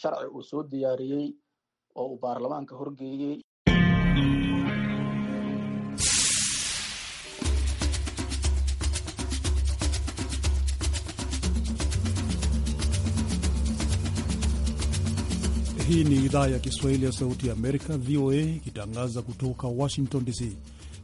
sharci uu soo diyaariyey oo uu baarlamaanka horgeeyey. Hii ni idhaa ya Kiswahili ya Sauti ya Amerika, VOA, ikitangaza kutoka Washington DC.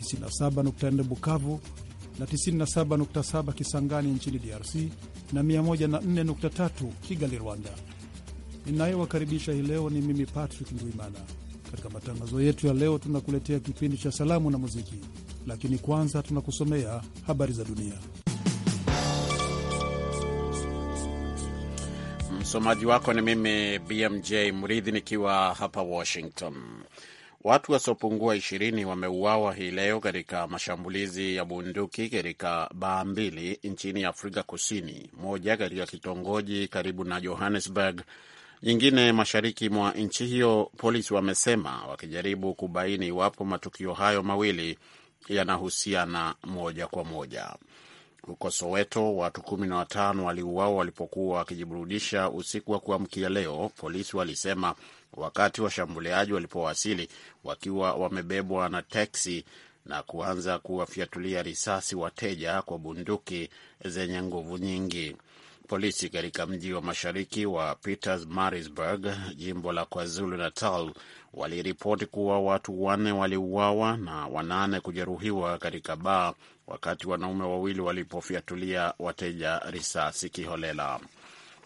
97.4 Bukavu na 97.7 Kisangani nchini DRC na 104.3 Kigali, Rwanda. Ninayowakaribisha hii leo ni mimi Patrick Ndwimana. Katika matangazo yetu ya leo, tunakuletea kipindi cha salamu na muziki, lakini kwanza tunakusomea habari za dunia. Msomaji wako ni mimi BMJ Mridhi nikiwa hapa Washington. Watu wasiopungua ishirini wameuawa hii leo katika mashambulizi ya bunduki katika baa mbili nchini Afrika Kusini, moja katika kitongoji karibu na Johannesburg, nyingine mashariki mwa nchi hiyo, polisi wamesema wakijaribu kubaini iwapo matukio hayo mawili yanahusiana moja kwa moja. Huko Soweto, watu kumi na watano waliuawa walipokuwa wakijiburudisha usiku wa kuamkia leo, polisi walisema, wakati washambuliaji walipowasili wakiwa wamebebwa na teksi na kuanza kuwafyatulia risasi wateja kwa bunduki zenye nguvu nyingi. Polisi katika mji wa mashariki wa Pietermaritzburg, jimbo la KwaZulu Natal, waliripoti kuwa watu wanne waliuawa na wanane kujeruhiwa katika baa wakati wanaume wawili walipofyatulia wateja risasi kiholela.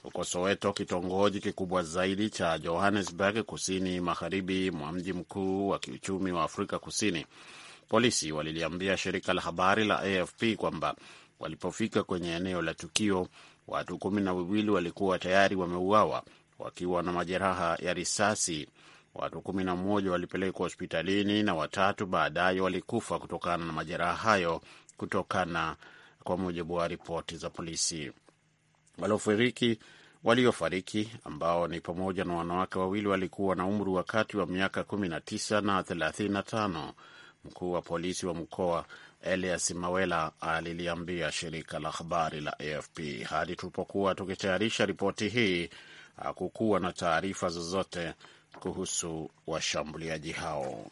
Huko Soweto, kitongoji kikubwa zaidi cha Johannesburg, kusini magharibi mwa mji mkuu wa kiuchumi wa Afrika Kusini, polisi waliliambia shirika la habari la AFP kwamba walipofika kwenye eneo la tukio watu kumi na wawili walikuwa tayari wameuawa wakiwa na majeraha ya risasi. Watu kumi na mmoja walipelekwa hospitalini na watatu baadaye walikufa kutokana na majeraha hayo, kutokana kwa mujibu wa ripoti za polisi. Waliofariki waliofariki ambao ni pamoja na wanawake wawili walikuwa na umri wa kati wa miaka kumi na tisa na na thelathini tano Mkuu wa polisi wa mkoa Elias Mawela aliliambia shirika la habari la AFP. Hadi tulipokuwa tukitayarisha ripoti hii, hakukuwa na taarifa zozote kuhusu washambuliaji hao.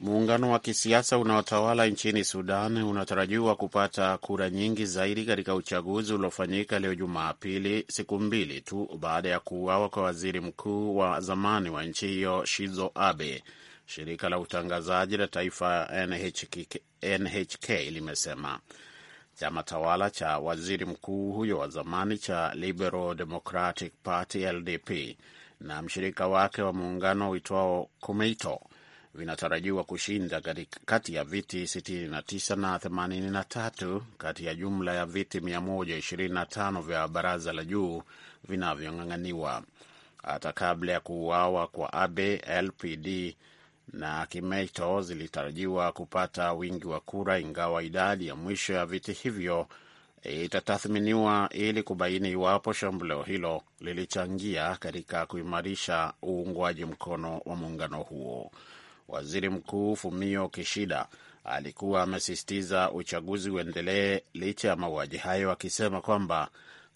Muungano wa kisiasa unaotawala nchini Sudan unatarajiwa kupata kura nyingi zaidi katika uchaguzi uliofanyika leo Jumapili, siku mbili tu baada ya kuuawa kwa waziri mkuu wa zamani wa nchi hiyo Shizo Abe shirika la utangazaji la taifa NHK, NHK limesema. Chama tawala cha waziri mkuu huyo wa zamani cha Liberal Democratic Party LDP na mshirika wake wa muungano uitwao kumeito vinatarajiwa kushinda kati ya viti 69 na 83 kati ya jumla ya viti 125 vya baraza la juu vinavyong'ang'aniwa. Hata kabla ya kuuawa kwa Abe, LPD na Kimeito zilitarajiwa kupata wingi wa kura, ingawa idadi ya mwisho ya viti hivyo itatathminiwa ili kubaini iwapo shambulio hilo lilichangia katika kuimarisha uungwaji mkono wa muungano huo. Waziri Mkuu Fumio Kishida alikuwa amesisitiza uchaguzi uendelee licha ya mauaji hayo, akisema kwamba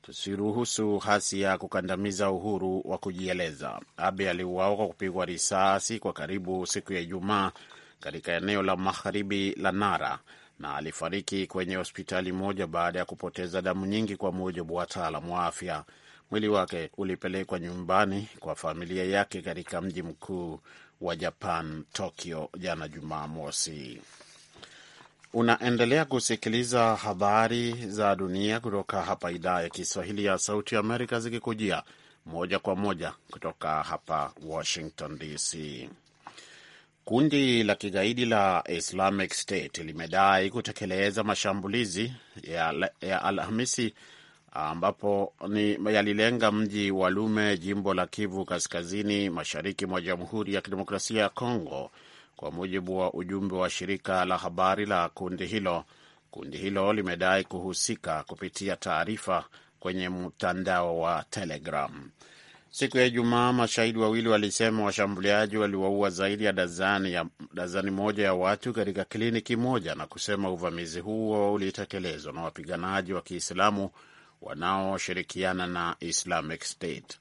tusiruhusu hasi ya kukandamiza uhuru wa kujieleza. Abe aliuawa kwa kupigwa risasi kwa karibu siku ya Ijumaa katika eneo la magharibi la Nara na alifariki kwenye hospitali moja baada ya kupoteza damu nyingi, kwa mujibu wa wataalamu wa afya. Mwili wake ulipelekwa nyumbani kwa familia yake katika mji mkuu wa Japan, Tokyo, jana Jumamosi. Unaendelea kusikiliza habari za dunia kutoka hapa idhaa ya Kiswahili ya Sauti ya Amerika, zikikujia moja kwa moja kutoka hapa Washington DC. Kundi la kigaidi la Islamic State limedai kutekeleza mashambulizi ya, ya Alhamisi ambapo ni yalilenga mji wa Lume, jimbo la Kivu Kaskazini, mashariki mwa Jamhuri ya Kidemokrasia ya Kongo kwa mujibu wa ujumbe wa shirika la habari la kundi hilo. Kundi hilo limedai kuhusika kupitia taarifa kwenye mtandao wa Telegram. Siku ya Ijumaa, mashahidi wawili walisema washambuliaji waliwaua zaidi ya dazani, ya dazani moja ya watu katika kliniki moja na kusema uvamizi huo ulitekelezwa na wapiganaji wa Kiislamu wanaoshirikiana na Islamic State.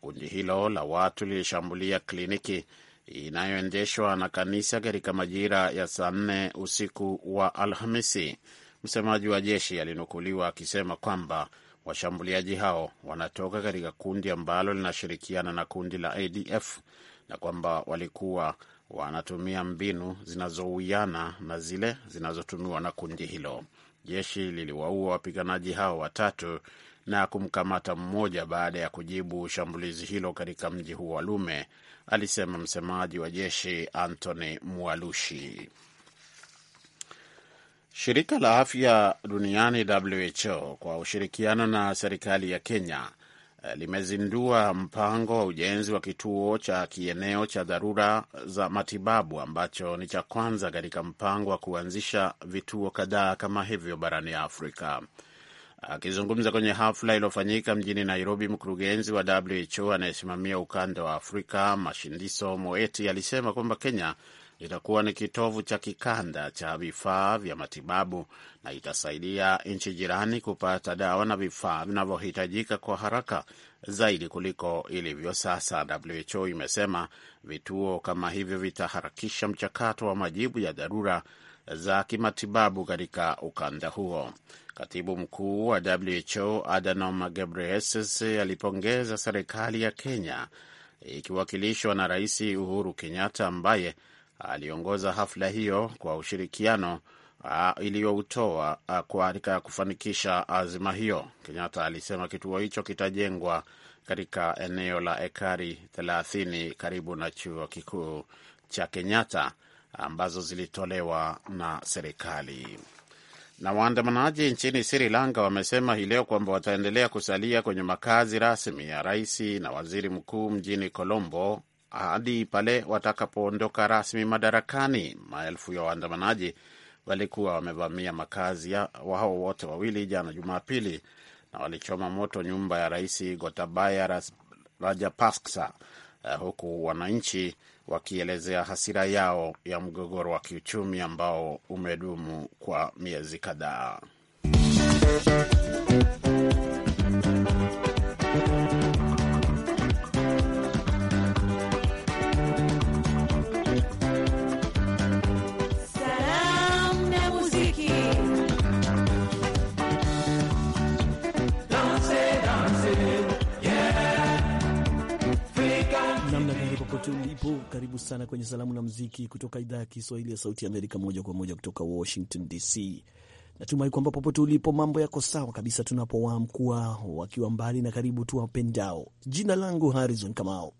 Kundi hilo la watu lilishambulia kliniki inayoendeshwa na kanisa katika majira ya saa nne usiku wa Alhamisi. Msemaji wa jeshi alinukuliwa akisema kwamba washambuliaji hao wanatoka katika kundi ambalo linashirikiana na kundi la ADF na kwamba walikuwa wanatumia mbinu zinazouiana na zile zinazotumiwa na kundi hilo. Jeshi liliwaua wapiganaji hao watatu na kumkamata mmoja baada ya kujibu shambulizi hilo katika mji huo wa Lume alisema msemaji wa jeshi Anthony Mwalushi. Shirika la afya duniani WHO kwa ushirikiano na serikali ya Kenya eh, limezindua mpango wa ujenzi wa kituo cha kieneo cha dharura za matibabu ambacho ni cha kwanza katika mpango wa kuanzisha vituo kadhaa kama hivyo barani Afrika. Akizungumza kwenye hafla iliyofanyika mjini Nairobi, mkurugenzi wa WHO anayesimamia ukanda wa Afrika Mashindiso Moeti alisema kwamba Kenya itakuwa ni kitovu cha kikanda cha vifaa vya matibabu na itasaidia nchi jirani kupata dawa na vifaa vinavyohitajika kwa haraka zaidi kuliko ilivyo sasa. WHO imesema vituo kama hivyo vitaharakisha mchakato wa majibu ya dharura za kimatibabu katika ukanda huo. Katibu mkuu wa WHO Adhanom Ghebreyesus alipongeza serikali ya Kenya ikiwakilishwa na Rais Uhuru Kenyatta ambaye aliongoza hafla hiyo kwa ushirikiano iliyoutoa katika kufanikisha azima hiyo. Kenyatta alisema kituo hicho kitajengwa katika eneo la ekari 30 karibu na chuo kikuu cha Kenyatta ambazo zilitolewa na serikali. Na waandamanaji nchini Sri Lanka wamesema hii leo kwamba wataendelea kusalia kwenye makazi rasmi ya rais na waziri mkuu mjini Colombo hadi pale watakapoondoka rasmi madarakani. Maelfu ya waandamanaji walikuwa wamevamia makazi ya wao wote wawili jana Jumapili na walichoma moto nyumba ya rais Gotabaya Rajapaksa Eh, huku wananchi wakielezea hasira yao ya mgogoro wa kiuchumi ambao umedumu kwa miezi kadhaa. popote ulipo, karibu sana kwenye salamu na muziki kutoka idhaa ya Kiswahili ya Sauti ya Amerika, moja kwa moja kutoka Washington DC. Natumai kwamba popote ulipo mambo yako sawa kabisa, tunapowaamkua wakiwa mbali na karibu tu wapendao. Jina langu Harrison Kamao.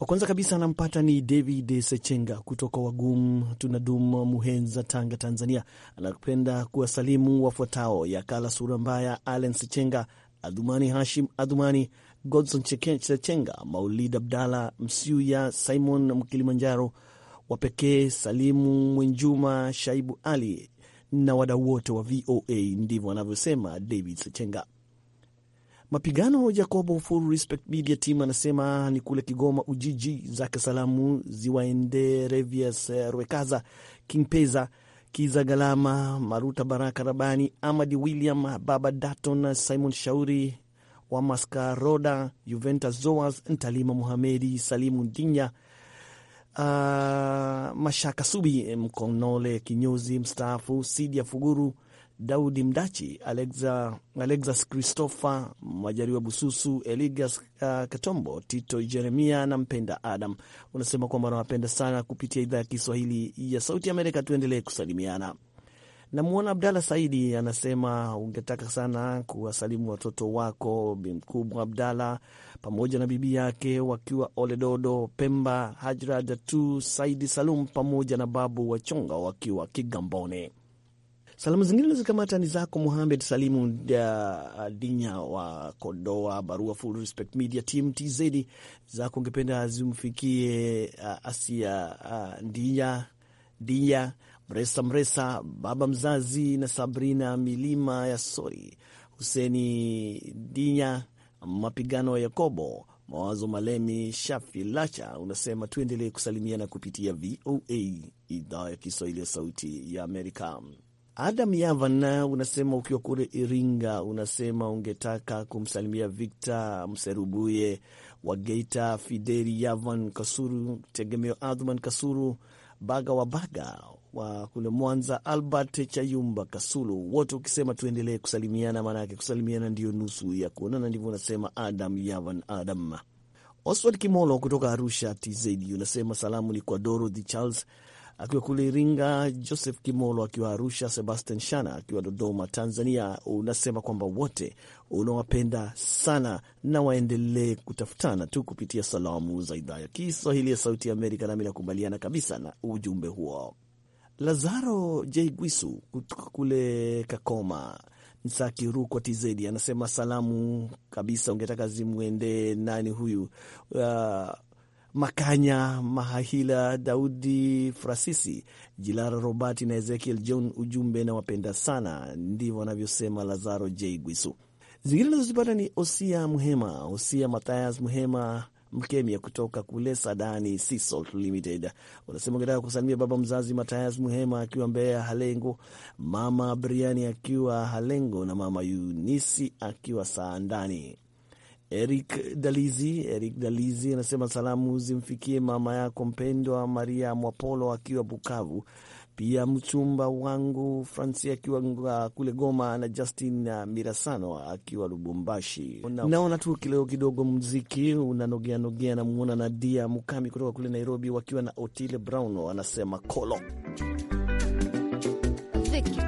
Wa kwanza kabisa anampata ni David Sechenga kutoka Wagum tunadum Muhenza, Tanga, Tanzania. Anapenda kuwasalimu wafuatao: Yakala Sura Mbaya, Allen Sechenga, Adhumani Hashim Adhumani, Godson Chechenga, Maulid Abdalla Msiuya, Simon Mkilimanjaro, Wapekee Salimu Mwenjuma, Shaibu Ali na wadau wote wa VOA. Ndivyo anavyosema David Sechenga. Mapigano Jacobo Full Respect Media Team anasema ni kule Kigoma Ujiji, zake salamu ziwaende Revias Rwekaza, King Peza, Kiza Galama, Maruta Baraka Rabani, Amadi William, Baba Daton, Simon Shauri, wa Mascaroda, Juventus Zoas, Ntalima Muhamedi, Salimu Ndinya, uh, Mashaka Subi, Mkonole kinyozi mstaafu, Sidia Fuguru, Daudi Mdachi, Alexa, Alexas Christopher Majariwa, Bususu Eligas, uh, Katombo, Tito Jeremia na Mpenda Adam. Unasema kwamba unawapenda sana kupitia idhaa ya Kiswahili ya Sauti Amerika. Tuendelee kusalimiana. Namwona Abdalla Saidi anasema ungetaka sana kuwasalimu watoto wako bimkubwa abdala Abdalla pamoja na bibi yake wakiwa Oledodo, Pemba, Hajra Datu Saidi Salum pamoja na babu Wachonga wakiwa Kigamboni. Salamu zingine nazikamata ni zako Muhamed Salimu uh, Dinya wa Kondoa, barua Full Respect Media Team TZ. Zako ungependa zimfikie uh, Asia uh, Dinya, Dinya Mresa Mresa, baba mzazi na Sabrina Milima ya Sori, Huseni Dinya, Mapigano ya Yakobo, Mawazo Malemi, Shafi Lacha. Unasema tuendelee kusalimiana kupitia VOA idhaa ya Kiswahili ya Sauti ya Amerika. Adam Yavan unasema ukiwa kule Iringa, unasema ungetaka kumsalimia Victor Mserubuye wa Geita, Fideri Yavan Kasuru, Tegemeo adhman Kasuru, Baga wa Baga wa kule Mwanza, Albert Chayumba Kasulu, wote ukisema tuendelee kusalimiana, maanake kusalimiana ndiyo nusu ya kuonana, ndivyo unasema Adam Yavan Adam. Oswald Kimolo kutoka Arusha TZ unasema salamu ni kwa Dorothy Charles akiwa kule Iringa, Joseph Kimolo akiwa Arusha, Sebastian Shana akiwa Dodoma, Tanzania. Unasema kwamba wote unawapenda sana na waendelee kutafutana tu kupitia salamu za idhaa ya Kiswahili ya Sauti ya Amerika, nami nakubaliana kabisa na ujumbe huo. Lazaro Gwisu kutoka kule Kakoma Nsakirukwa tizedi anasema salamu kabisa, ungetaka zimwendee nani huyu? Uh, Makanya Mahahila, Daudi Frasisi, Jilara Robati na Ezekiel John. Ujumbe na wapenda sana, ndivyo anavyosema Lazaro j Gwisu. Zingine nazozipata ni Osia muhema Osia matayas muhema Mkemia kutoka kule Sadani Sisol Limited. Unasema ukitaka kusalimia baba mzazi Matayas Muhema akiwa Mbeya Halengo, mama Briani akiwa Halengo na mama Yunisi akiwa Saandani. Eric Dalizi, Eric Dalizi anasema salamu zimfikie mama yako mpendwa Maria Mwapolo akiwa Bukavu, pia mchumba wangu Franci akiwa kule Goma na Justin na Mirasano akiwa Lubumbashi. Naona tu kileo kidogo mziki unanogea nogea, namwona Nadia Mukami kutoka kule Nairobi wakiwa na Otile Brown anasema kolo Vicky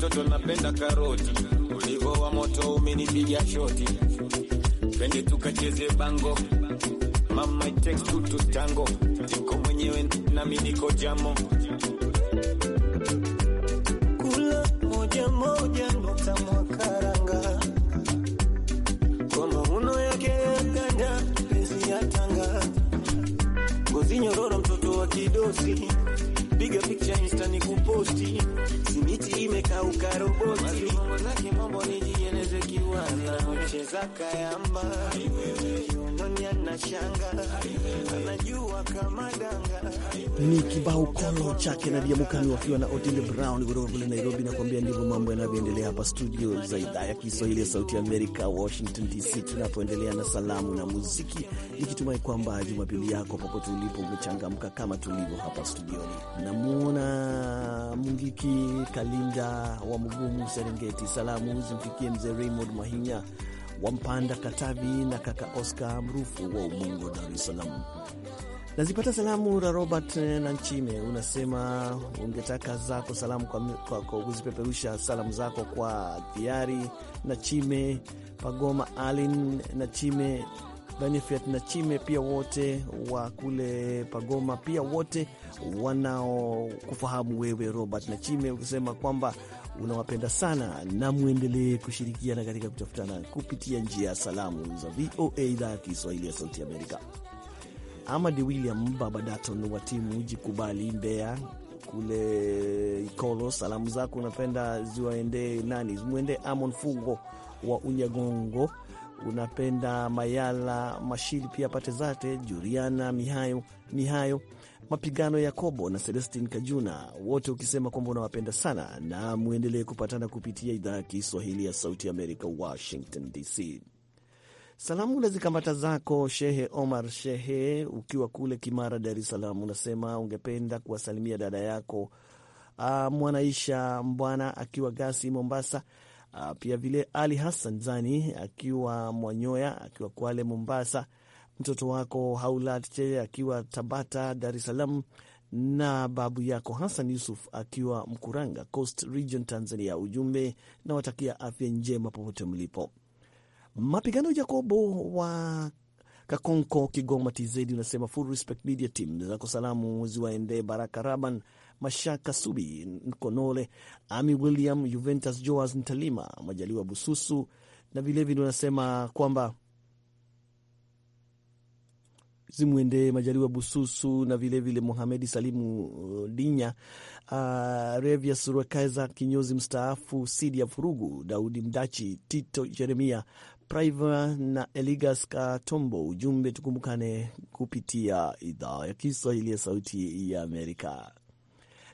mtoto napenda karoti, ulivo wa moto umenipiga shoti, twende tukacheze bango, mama it two to tango, niko mwenyewe nami niko jamo ni kibao kolo chake Nadia Mukami wakiwa na Otile Brown kutoka kule Nairobi. Nakuambia ndivyo mambo yanavyoendelea hapa studio za idhaa ya Kiswahili ya Sauti ya Amerika, Washington DC, tunapoendelea na salamu na muziki, nikitumai kwamba Jumapili yako popote ulipo umechangamka kama tulivyo hapa studioni. Namwona mngiki Kalinda wa Mgumu Serengeti, salamu zimfikie mzee Raymond Mahinya Wampanda Katavi na kaka Oscar Mrufu wa Ubungo, Dar es Salaam. Nazipata salamu la Robert eh, Nanchime, unasema ungetaka zako salamu kwa, kwa, kwa kuzipeperusha salamu zako kwa Thiari na Chime Pagoma, Alin na Chime Benefit na Chime, pia wote wa kule Pagoma, pia wote wanaokufahamu wewe Robert na Chime, ukisema kwamba unawapenda sana na mwendelee kushirikiana katika kutafutana kupitia njia ya salamu za VOA idhaa ya Kiswahili ya Sauti Amerika. Amadi William Baba Daton wa timu Jikubali Mbeya kule Ikolo, salamu zako unapenda ziwaendee nani? Zimwendee Amon Fungo wa Unyagongo, unapenda Mayala Mashiri, pia pate zate Juriana Mihayo Mihayo Mapigano ya Kobo na Celestin Kajuna, wote ukisema kwamba unawapenda sana, na mwendelee kupatana kupitia idhaa ya Kiswahili ya Sauti ya Amerika, Washington DC. Salamu na zikamata zako Shehe Omar Shehe, ukiwa kule Kimara, Dar es Salaam, unasema ungependa kuwasalimia dada yako ah, Mwanaisha Mbwana akiwa Gasi, Mombasa. Ah, pia vile Ali Hassan Zani akiwa Mwanyoya akiwa Kwale, Mombasa mtoto wako Haulatche akiwa Tabata, Dar es Salaam, na babu yako Hassan Yusuf akiwa Mkuranga, Coast Region, Tanzania. Ujumbe na watakia afya njema popote mlipo. Mapigano Jakobo wa Kakonko, Kigoma TZ unasema full respect media team zako salamu ziwaende Baraka Raban, Mashaka Subi, Nkonole, Ami William, Juventus Joas, Ntalima Majaliwa Bususu, na vilevile unasema kwamba zimwendee Majaliwa Bususu na vilevile Mohamedi Salimu uh, Dinya, uh, Revius Rwekeza kinyozi mstaafu, Sidi ya Furugu, Daudi Mdachi, Tito Jeremia priva na Eligas Katombo. Ujumbe tukumbukane kupitia idhaa ya Kiswahili ya Sauti ya Amerika.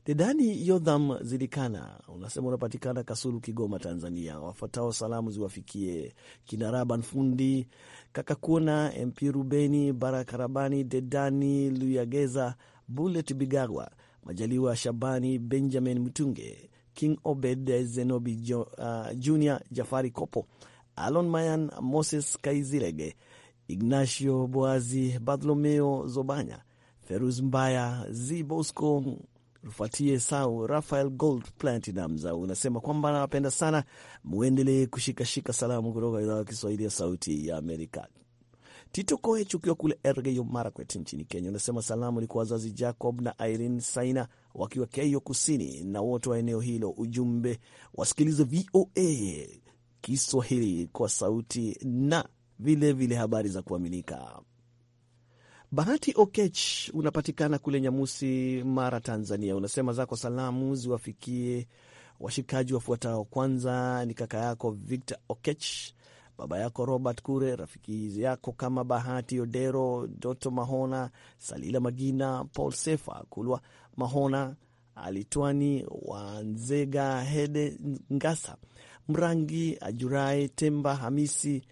Dedani Yodham Zilikana, unasema unapatikana Kasulu, Kigoma, Tanzania. Wafuatao salamu ziwafikie Kinaraban Fundi Kakakuna, MP Rubeni Barakarabani, Dedani Luyageza, Bulet Bigagwa, Majaliwa Shabani, Benjamin Mtunge, King Obed Zenobi uh, Junior, Jafari Kopo, Alon Mayan, Moses Kaizirege, Ignacio Boazi, Bartholomeo Zobanya, Feruz Mbaya, Z Bosco mfuatie sau Rafael Gold Platinumz unasema kwamba anawapenda sana, mwendelee kushikashika salamu kutoka idhaa ya Kiswahili ya Sauti ya Amerika. Tito Koech ukiwa kule Elgeyo Marakwet nchini Kenya unasema salamu ni kwa wazazi Jacob na Irene Saina wakiwa Keyo Kusini na wote wa eneo hilo. Ujumbe wasikilize VOA Kiswahili kwa sauti na vilevile vile habari za kuaminika. Bahati Okech, unapatikana kule Nyamusi, Mara, Tanzania. Unasema zako salamu ziwafikie washikaji wafuatao. Kwanza ni kaka yako Victor Okech, baba yako Robert Kure, rafiki yako kama Bahati Odero, Doto Mahona, Salila Magina, Paul Sefa Kulwa Mahona, Alitwani Wanzega, Hede Ngasa, Mrangi Ajurai, Temba Hamisi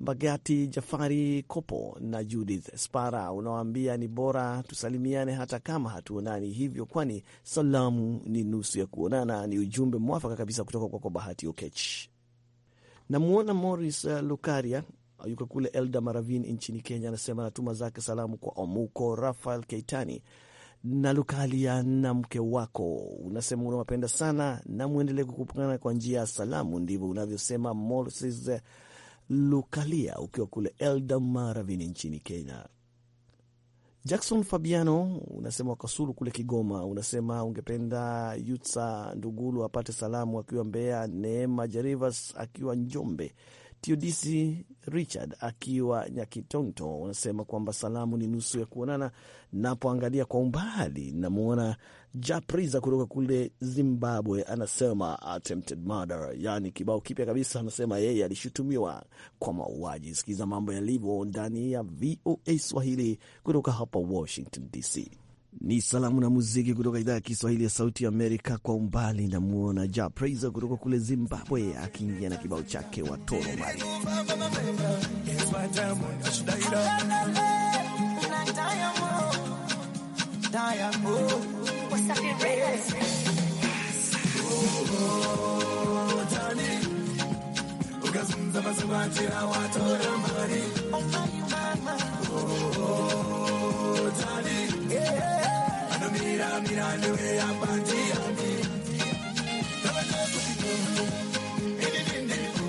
Bagati Jafari Kopo na Judith Spara. Unawaambia ni bora tusalimiane hata kama hatuonani hivyo, kwani salamu ni nusu ya kuonana. Ni ujumbe mwafaka kabisa kutoka kwa Bahati Okech. Namwona Moris uh, Lukaria yuko kule Elda Maravin nchini Kenya, anasema natuma zake salamu kwa Omuko Rafael Keitani na Lukalia na mke wako. Unasema unawapenda sana na mwendelee kukupana kwa njia ya salamu, ndivyo unavyosema Moris uh, Lukalia ukiwa kule elda maravini nchini Kenya. Jackson Fabiano unasema wakasulu kule Kigoma, unasema ungependa Yutsa Ndugulu apate salamu akiwa Mbeya, Neema Jerivas akiwa Njombe, Teodisi Richard akiwa nyakitonto anasema kwamba salamu ni nusu ya kuonana. Napoangalia kwa umbali, namwona Japriza kutoka kule Zimbabwe, anasema attempted murder, yaani kibao kipya kabisa. Anasema yeye alishutumiwa kwa mauaji. Sikiza mambo yalivyo ndani ya VOA Swahili kutoka hapa Washington DC ni salamu na muziki kutoka idhaa ya Kiswahili ya Sauti Amerika. Kwa umbali namwona Ja Praise kutoka kule Zimbabwe akiingia na kibao chake Watoro Mari. tani. Yeah. Ano mira mira ano we apanti anti. Tabalo kutiko. Ini dinde ko.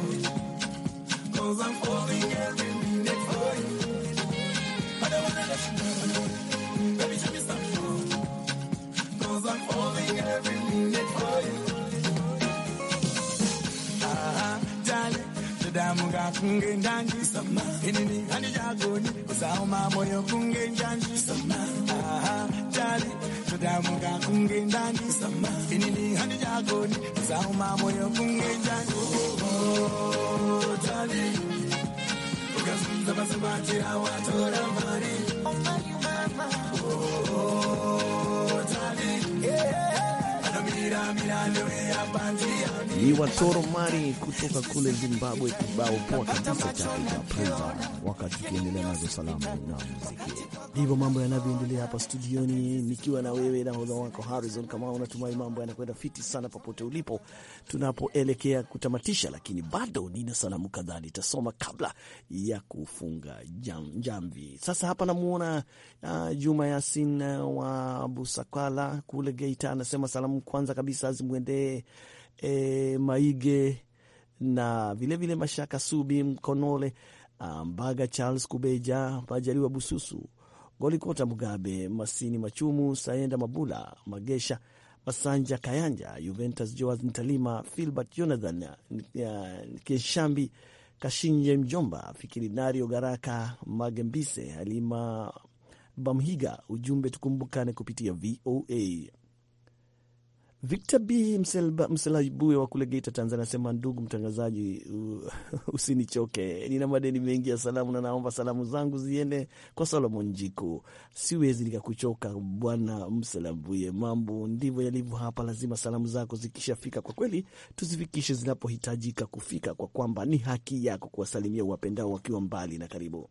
Cause I'm falling every minute for you. I don't wanna let you go. Baby, show me some love. Cause I'm falling every minute for you. Ah, darling, the diamond got me in danger. Ini ni, ani jago ni sauma moyo kunge nje sama aha jali tudamuka kunge nje sama inini hani hadi jagoni sauma moyo kunge nje oh jali ukazunza basi bachi hawatoramba ni watoro mari kutoka kule Zimbabwe, kibao poa kabisa cha Preza. Wakati tukiendelea nazo salamu na muziki, ndivyo mambo yanavyoendelea hapa studioni, nikiwa na wewe na hodha wako Harizon kama unatumai mambo yanakwenda fiti sana popote ulipo, tunapoelekea kutamatisha, lakini bado nina salamu kadhaa nitasoma kabla ya kufunga jam, jamvi. Sasa hapa namwona uh, ah, Juma Yasin ah, wa Busakala kule Geita, anasema salamu kwanza kabisa zimwe Mwende e, eh, Maige na vilevile vile Mashaka Subi, Mkonole ah, Mbaga, Charles Kubeja, Majaliwa Bususu, Golikota Mugabe, Masini Machumu, Saenda Mabula, Magesha Masanja Kayanja, Juventus Joas Ntalima, Filbert Jonathan eh, Keshambi, Kashinje Mjomba, Fikiri Nario Garaka, Magembise, Halima Bamhiga. Ujumbe, tukumbukane kupitia VOA. Victor B Mselabue wa kule Geita, Tanzania anasema ndugu mtangazaji, usinichoke, nina madeni mengi ya salamu na naomba salamu zangu ziende kwa Solomon Jiku. Siwezi nikakuchoka bwana Mselabue, mambo ndivyo yalivyo hapa. Lazima salamu zako zikishafika, kwa kweli tuzifikishe zinapohitajika kufika, kwa kwamba ni haki yako kuwasalimia uwapendao wakiwa mbali na karibu.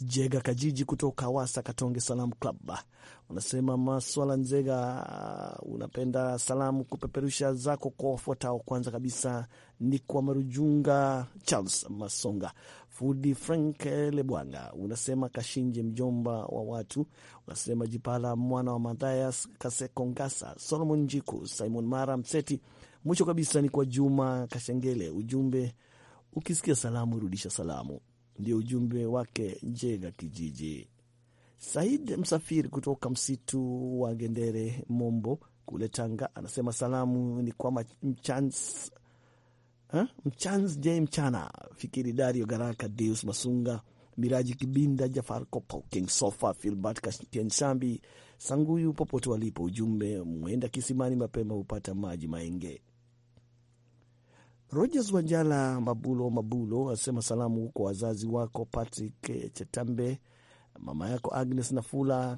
Jega Kajiji kutoka Wasa Katonge Salam Club. Unasema Maswala Nzega, unapenda salamu kupeperusha zako kwa wafuatao. Kwanza kabisa ni kwa Marujunga Charles Masonga, Fudi Frank Lebwanga, unasema Kashinje mjomba wa watu, unasema Jipala mwana wa Mathias Kasekongasa, Solomon Njiku, Simon Mara Mseti. Mwisho kabisa ni kwa Juma Kashengele, ujumbe ukisikia salamu rudisha salamu ndio ujumbe wake Njega Kijiji. Said Msafiri kutoka msitu wa Gendere, Mombo kule Tanga, anasema salamu ni kwa Mchans Mchans J Mchana, Fikiri Dario, Garaka Deus Masunga, Miraji Kibinda, Jafar Kopo, King Sofa, Filbert Kensambi Sanguyu, popote walipo. Ujumbe, mwenda kisimani mapema hupata maji maenge. Rogers Wanjala Mabulo Mabulo asema salamu kwa wazazi wako Patrick Chetambe, mama yako Agnes Nafula,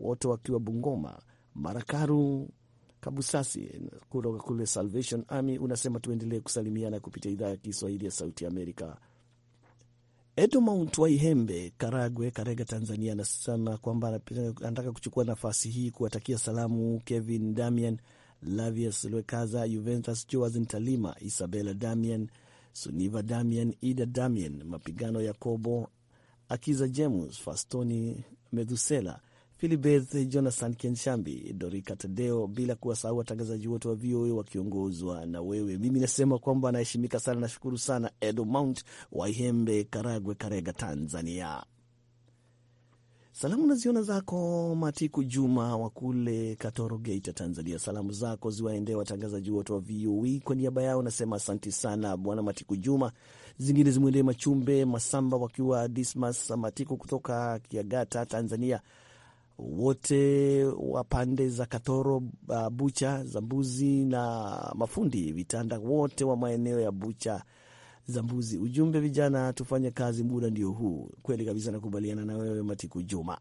wote wakiwa Bungoma, Marakaru Kabusasi kutoka kule Salvation Army. Unasema tuendelee kusalimiana kupitia idhaa ya Kiswahili ya Sauti ya Amerika. Edmount Waihembe, Karagwe, Karega, Tanzania, anasema kwamba anataka kuchukua nafasi hii kuwatakia salamu Kevin Damian Lavius Lwekaza, Juventus Joasin ntalima Isabella Damien, Suniva Damien, Ida Damien, Mapigano Yakobo, Akiza James, Fastoni Methusela, Filibeth Jonathan Kenshambi, Dorika Tadeo, bila kuwasahau watangazaji wote wa VOA wakiongozwa na wewe. Mimi nasema kwamba anaheshimika sana. Nashukuru sana Edo Mount Waihembe, Karagwe, Karega, Tanzania. Salamu naziona zako Matiku Juma wa kule Katoro, Geita, Tanzania. Salamu zako ziwaendee watangazaji wote wa VOA. E. Kwa niaba yao nasema asanti sana Bwana Matiku Juma. Zingine zimwendee Machumbe Masamba wakiwa Dismas Matiku kutoka Kiagata, Tanzania, wote wa pande za Katoro, Bucha za Mbuzi na mafundi vitanda wote wa maeneo ya Bucha za mbuzi. Ujumbe vijana, tufanye kazi, muda ndio huu. Kweli kabisa, nakubaliana na wewe Matiku Juma.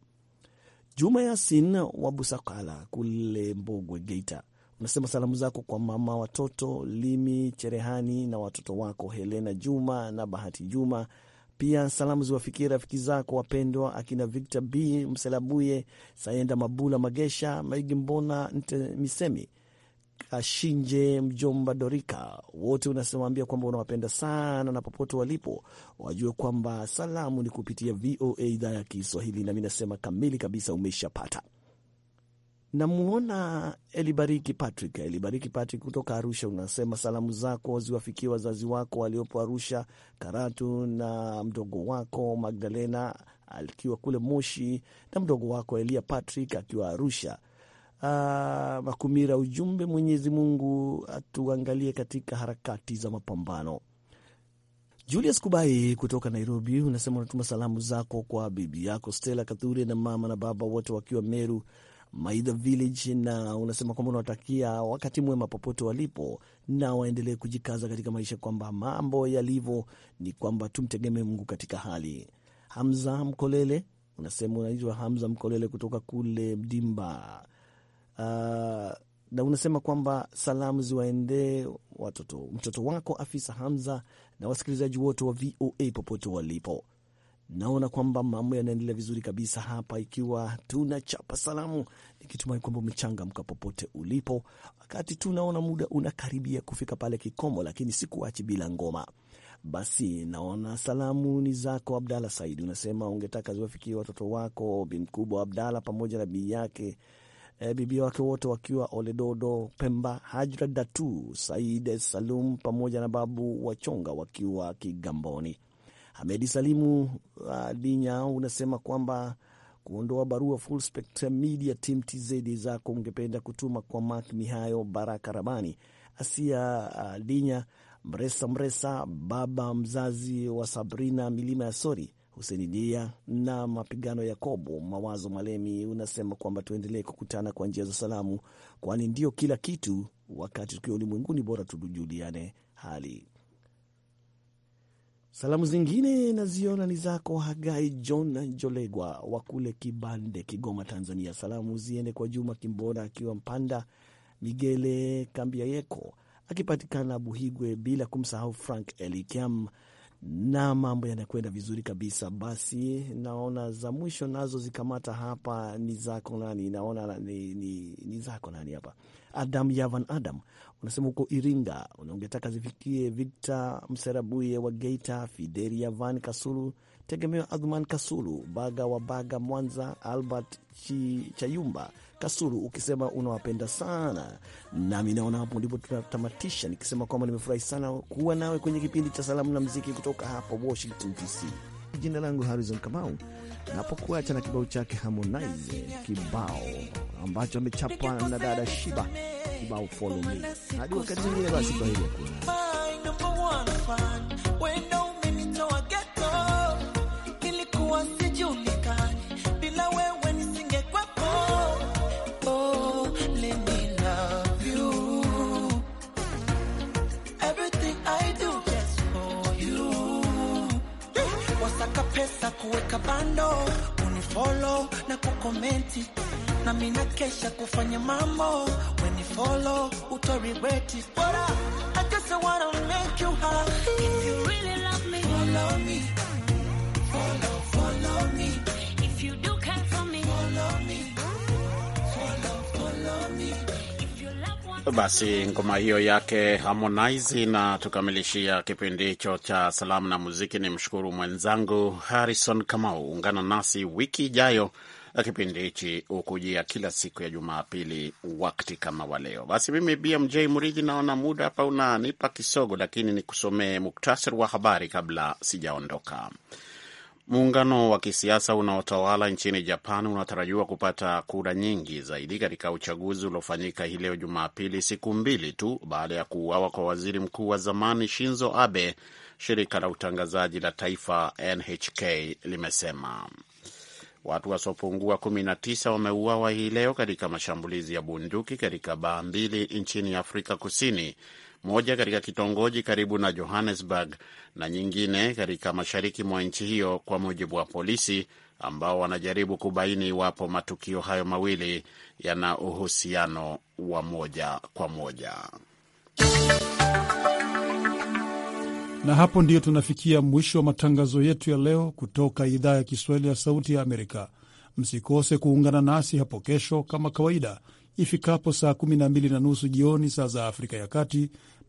Juma Yasin wa Busakala kule Mbogwe, Geita, unasema salamu zako kwa mama watoto Limi Cherehani na watoto wako Helena Juma na Bahati Juma. Pia salamu ziwafikie rafiki zako wapendwa akina Victor B Mselabuye, Sayenda Mabula Magesha, Maigi Mbona Nte Misemi kashinje ah, mjomba Dorika, wote unasemwambia kwamba unawapenda sana, na popote walipo wajue kwamba salamu ni kupitia VOA idhaa ya Kiswahili, nami nasema kamili kabisa, umeshapata. Namwona Elibariki Patrick, Elibariki Patrick kutoka Arusha, unasema salamu zako ziwafikie wazazi wako waliopo Arusha, Karatu, na mdogo wako Magdalena akiwa kule Moshi, na mdogo wako Elia Patrick akiwa Arusha Makumira, ah, ujumbe Mwenyezi Mungu atuangalie katika harakati za mapambano. Julius Kubai kutoka Nairobi unasema unatuma salamu zako kwa bibi yako Stella Kathure na mama na baba wote wakiwa Meru Maidha Village, na unasema kwamba unawatakia wakati mwema popote walipo, na waendelee kujikaza katika maisha, kwamba mambo yalivyo ni kwamba tumtegemee Mungu katika hali. Hamza Mkolele unasema unaitwa Hamza Mkolele kutoka kule Mdimba uh, na unasema kwamba salamu ziwaendee watoto mtoto wako afisa Hamza na wasikilizaji wote wa VOA popote walipo. Naona kwamba mambo yanaendelea vizuri kabisa hapa, ikiwa tuna chapa salamu, nikitumai kwamba umechangamka popote ulipo. Wakati tu naona muda unakaribia kufika pale kikomo, lakini sikuachi bila ngoma. Basi naona salamu ni zako Abdala Saidi, unasema ungetaka ziwafikie watoto wako bi mkubwa Abdala pamoja na bii yake e, eh, bibia wake wote wakiwa Oledodo Pemba, Hajra Datu Said Salum pamoja na Babu Wachonga wakiwa Kigamboni. Hamedi Salimu uh, Dinya unasema kwamba kuondoa barua Full Spectrum Media Team TZ zako ungependa kutuma kwa Mak Mihayo, Baraka Rabani, Asia uh, Dinya Mresa Mresa, baba mzazi wa Sabrina Milima ya Sori, Huseni na Mapigano Yakobo Mawazo Malemi unasema kwamba tuendelee kukutana kwa njia za salamu, kwani ndio kila kitu. Wakati tukiwa ulimwenguni, bora tujuliane hali. Salamu zingine naziona ni zako Hagai John Jolegwa wa kule Kibande, Kigoma, Tanzania. Salamu ziende kwa Juma Kimbona akiwa Mpanda, Migele Kambiayeko akipatikana Buhigwe, bila kumsahau Frank Elikam na mambo yanakwenda vizuri kabisa. Basi naona za mwisho nazo zikamata hapa, ni zako nani? Naona ni, ni, ni zako nani hapa? Adam Yavan Adam, unasema huko Iringa, taka zifikie Victor Mserabuye wa Geita, Fideri Yavan Kasulu, Tegemeo Adhuman Kasulu, Baga wa Baga Mwanza, Albert Chayumba Kasuru ukisema unawapenda sana. Nami naona hapo ndipo tunatamatisha nikisema kwamba nimefurahi sana kuwa nawe kwenye kipindi cha salamu na mziki kutoka hapa Washington DC. Jina langu Harrison Kamau, napokuacha na kibao chake Harmonize, kibao ambacho amechapa na dada Shiba, kibao follow me. Hadi wakati mwingine, basi kwa hili kuonana. kuweka bando, kunifollow na kukomenti, na mimi nakesha kufanya mambo, wenifolo utoriweti bora Basi ngoma hiyo yake Harmonize na tukamilishia kipindi hicho cha salamu na muziki. Ni mshukuru mwenzangu Harrison Kamau. Ungana nasi wiki ijayo, eh, kipindi hichi hukujia kila siku ya Jumapili wakti kama wa leo. Basi mimi BMJ Muriji, naona muda hapa unanipa kisogo, lakini nikusomee muktasari wa habari kabla sijaondoka. Muungano wa kisiasa unaotawala nchini Japan unatarajiwa kupata kura nyingi zaidi katika uchaguzi uliofanyika hii leo Jumapili, siku mbili tu baada ya kuuawa kwa waziri mkuu wa zamani Shinzo Abe, shirika la utangazaji la taifa NHK limesema. Watu wasiopungua 19 wameuawa hii leo katika mashambulizi ya bunduki katika baa mbili nchini Afrika Kusini moja katika kitongoji karibu na Johannesburg na nyingine katika mashariki mwa nchi hiyo, kwa mujibu wa polisi ambao wanajaribu kubaini iwapo matukio hayo mawili yana uhusiano wa moja kwa moja. Na hapo ndiyo tunafikia mwisho wa matangazo yetu ya leo kutoka idhaa ya Kiswahili ya Sauti ya Amerika. Msikose kuungana nasi hapo kesho kama kawaida ifikapo saa 12 na nusu jioni saa za Afrika ya Kati